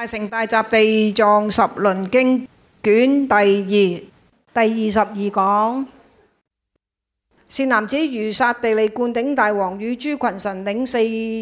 大乘大集地藏十輪經卷第二第二十二講：善男子，如剎帝利灌頂大王與諸群臣，領四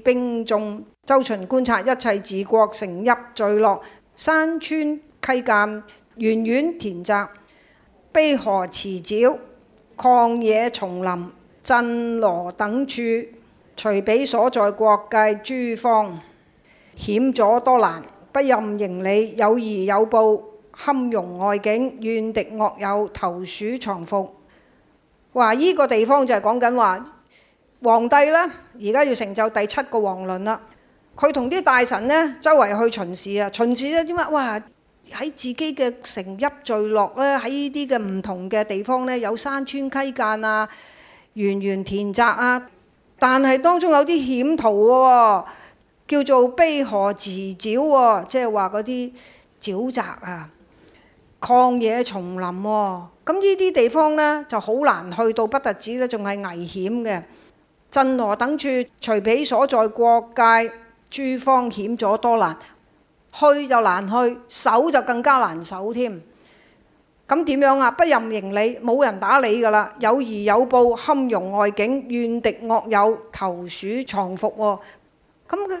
兵眾，周巡觀察一切自國城邑聚落、山川溪澗、園苑田澤、陂河池沼、曠野叢林、鎮邏等處，隨彼所在國界諸方險阻多難。不任營理，有疑有怖；堪容外境，怨敵惡友，投竄藏伏。話依、呢個地方就係講緊話皇帝咧，而家要成就第七個王輪啦。佢同啲大臣咧，周圍去巡視啊，巡視咧點解？哇！喺自己嘅城邑聚落咧，喺呢啲嘅唔同嘅地方咧，有山川谿澗啊，園苑田澤啊，但係當中有啲險途喎。叫做陂河池沼喎，即係話嗰啲沼澤啊、曠野叢林喎，咁呢啲地方咧就好難去到，不特止咧仲係危險嘅。鎮邏等處，隨彼所在國界，諸方嶮阻多難，去就難去，守就更加難守添。咁點樣啊？不任營理，冇人打理㗎啦。有疑有怖，堪容外境，怨敵惡友，投竄藏伏喎。咁佢。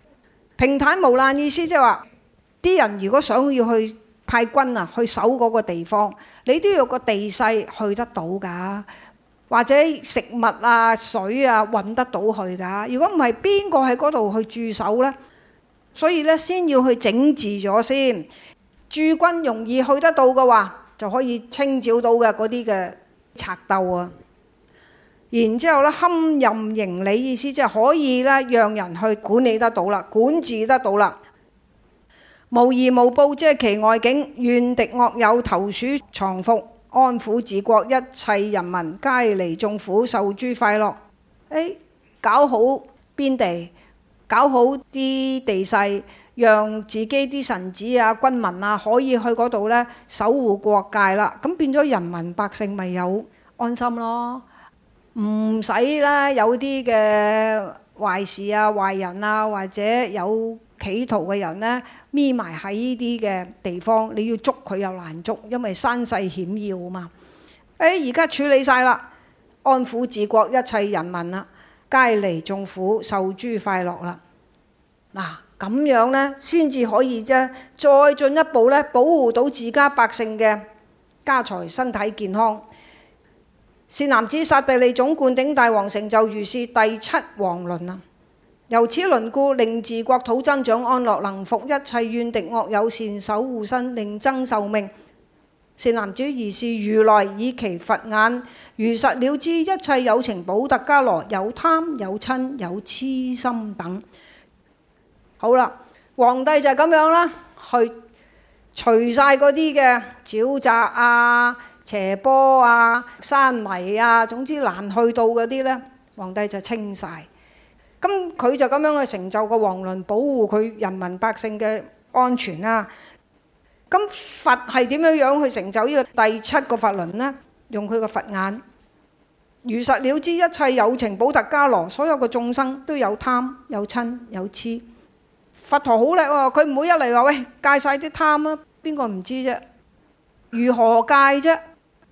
平坦無難意思，就是，即係話啲人如果想要去派軍啊，去守嗰個地方，你都要個地勢去得到㗎，或者食物啊、水啊揾得到去㗎。如果唔係，邊個喺嗰度去駐守呢？所以咧，先要去整治咗先。駐軍容易去得到嘅話，就可以清剿到嘅嗰啲嘅賊鬥啊。然之後咧，堪任營理意思即係可以咧，讓人去管理得到啦，管治得到啦。無疑無怖，遮其外境，怨敵惡友投竄藏伏，安撫自國，一切人民皆離眾苦，受諸快樂。誒、哎，搞好邊地，搞好啲地勢，讓自己啲臣子啊、軍民啊可以去嗰度咧，守護國界啦。咁變咗人民百姓咪有安心咯。唔使啦，有啲嘅壞事啊、壞人啊，或者有企圖嘅人呢、啊，匿埋喺呢啲嘅地方，你要捉佢又難捉，因為山勢險要啊嘛。誒、哎，而家處理晒啦，安撫自國一切人民啦，皆離眾苦，受諸快樂啦。嗱、啊，咁樣呢，先至可以啫，再進一步呢，保護到自家百姓嘅家財身體健康。善男子，剎帝利種灌頂大王，成就如是第七王輪啊！由此輪故，令自國土增長安樂，能伏一切怨敵惡、惡友，善守護身，令增壽命。善男子，如是如來以其佛眼，如實了知一切有情補特伽羅，有貪有瞋有癡心等。好啦，皇帝就咁樣啦，去除晒嗰啲嘅沼澤啊！斜坡啊、山泥啊，總之難去到嗰啲呢，皇帝就清晒。咁佢就咁樣去成就個王輪，保護佢人民百姓嘅安全啦、啊。咁佛係點樣樣去成就呢個第七個佛輪呢？用佢個佛眼如實了知一切有情補特伽羅，所有個眾生都有貪、有瞋、有痴。佛陀好叻喎，佢唔會一嚟話喂，戒晒啲貪啊，邊個唔知啫？如何戒啫？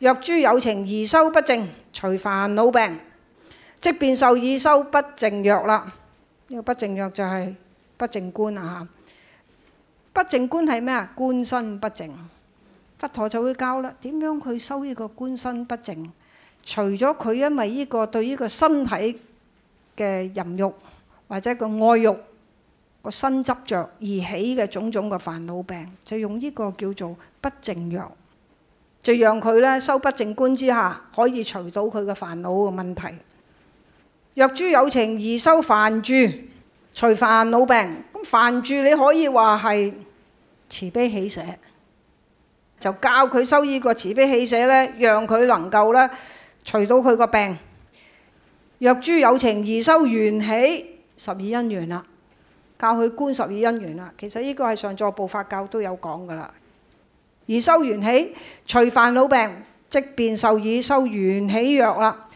若諸有情宜修不淨，除煩惱病，即便授以修不淨藥啦。呢個不淨藥就係不淨觀啊！嚇，不淨觀係咩啊？觀身不淨，佛陀就會教啦。點樣去修呢個觀身不淨？除咗佢因為呢個對呢個身體嘅淫欲或者個愛欲個身執著而起嘅種種嘅煩惱病，就用呢個叫做不淨藥。就讓佢咧修不淨觀之下，可以除到佢嘅煩惱嘅問題。若諸有情宜修梵住，除煩惱病。咁梵住你可以話係慈悲喜捨，就教佢修依個慈悲喜捨呢，讓佢能夠咧除到佢個病。若諸有情宜修緣起，十二因緣啦，教佢觀十二因緣啦。其實呢個係上座部法教都有講噶啦。宜修緣起，除煩惱病，即便授以修緣起藥啦。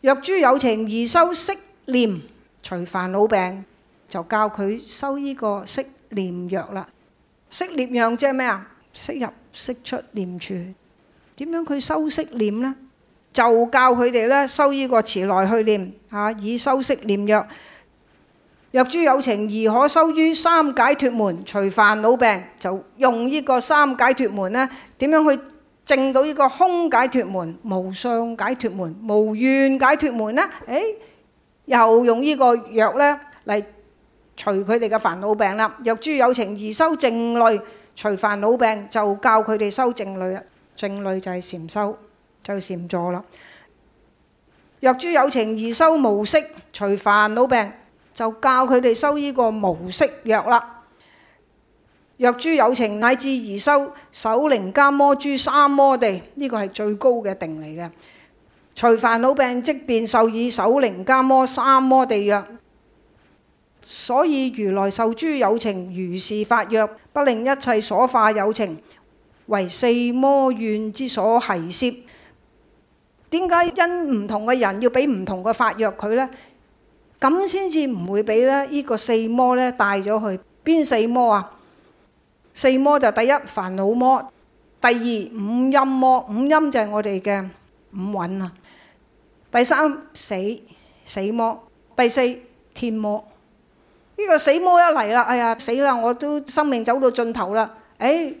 若諸有情宜修息念，除煩惱病，就教佢修呢個息念藥啦。息念藥即係咩啊？息入息出念處。點樣佢修息念呢？就教佢哋咧修呢個持來去念啊，以修息念藥。若諸有情宜可修於三解脫門，除煩惱病，就用呢個三解脫門咧，點樣去證到呢個空解脫門、無相解脫門、無願解脫門咧？誒，又用呢個藥咧嚟除佢哋嘅煩惱病啦。若諸有情宜修靜慮，除煩惱病，就教佢哋修靜慮啊。靜慮就係禪修，就禪坐啦。若諸有情宜修無色，除煩惱病。就教佢哋修呢個無色藥啦，若諸有情乃至宜修首楞伽摩諸三摩地，呢個係最高嘅定嚟嘅。除煩惱病即便授以首楞伽摩三摩地藥，所以如來授諸有情如是法藥，不令一切所化有情為四魔怨之所繫攝。點解因唔同嘅人要俾唔同嘅法藥佢呢？咁先至唔會俾咧呢個四魔咧帶咗去。邊四魔啊？四魔就第一煩惱魔，第二五陰魔，五陰就係我哋嘅五韻啊。第三死死魔，第四天魔。呢個死魔一嚟啦，哎呀死啦！我都生命走到盡頭啦，誒。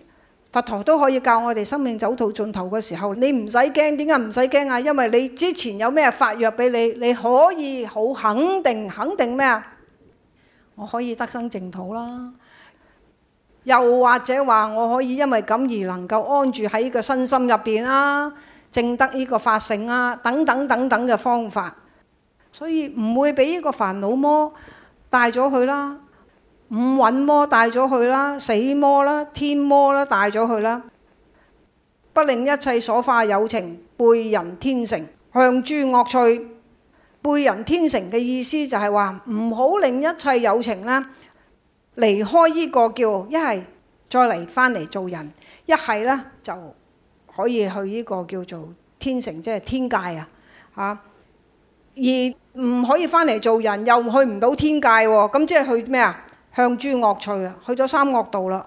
佛陀都可以教我哋生命走到盡頭嘅時候，你唔使驚，點解唔使驚啊？因為你之前有咩法藥俾你，你可以好肯定，肯定咩啊？我可以得生淨土啦，又或者話我可以因為咁而能夠安住喺個身心入邊啦，證得呢個法性啊，等等等等嘅方法，所以唔會俾呢個煩惱魔帶咗去啦。五蘊魔帶咗去啦，死魔啦，天魔啦，帶咗去啦，不令一切所化有情背人天乘，向諸惡趣。背人天乘嘅意思就係話唔好令一切有情咧離開呢個叫一係再嚟翻嚟做人，一係咧就可以去呢個叫做天乘，即係天界啊吓、啊，而唔可以翻嚟做人又去唔到天界，咁即係去咩啊？向諸惡趣啊，去咗三惡道啦！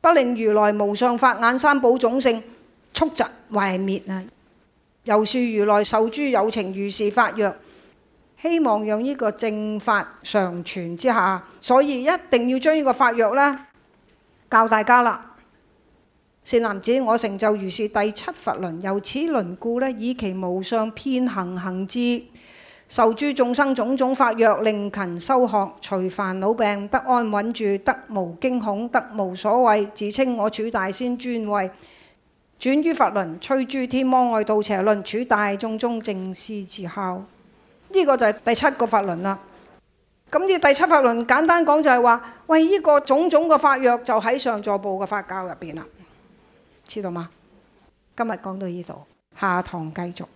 不令如來無上法眼三寶種性速疾壞滅啊！由是如來授諸有情如是法藥，希望讓呢個正法常存之下，所以一定要將呢個法藥呢教大家啦！善男子，我成就如是第七佛輪，由此輪故呢，以其無上遍行行智。受諸眾生種種法藥，令勤修學，除煩惱病，得安穩住，得無驚恐，得無所畏。自稱我處大仙尊位，轉於佛輪，摧諸天魔外道邪論，處大眾中正師子吼。呢、這個就係第七個法輪啦。咁呢第七法輪簡單講就係話，喂，呢、這個種種嘅法藥就喺上座部嘅法教入邊啦，知道嗎？今日講到呢度，下堂繼續。